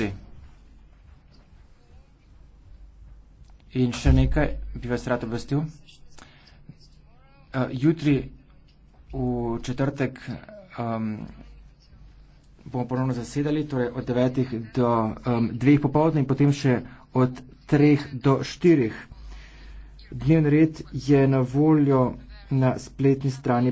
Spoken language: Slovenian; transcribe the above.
sestri. In še nekaj bi vas rad obvestil. Uh, jutri v četrtek um, bomo ponovno zasedali, torej od 9 do 2 um, popovdne in potem še od 3 do 4. Dnevni red je na voljo na spletni strani.